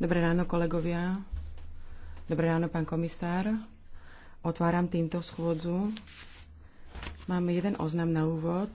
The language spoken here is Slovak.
Dobré ráno, kolegovia. Dobré ráno, pán komisár. Otváram týmto schôdzu. Mám jeden oznam na úvod.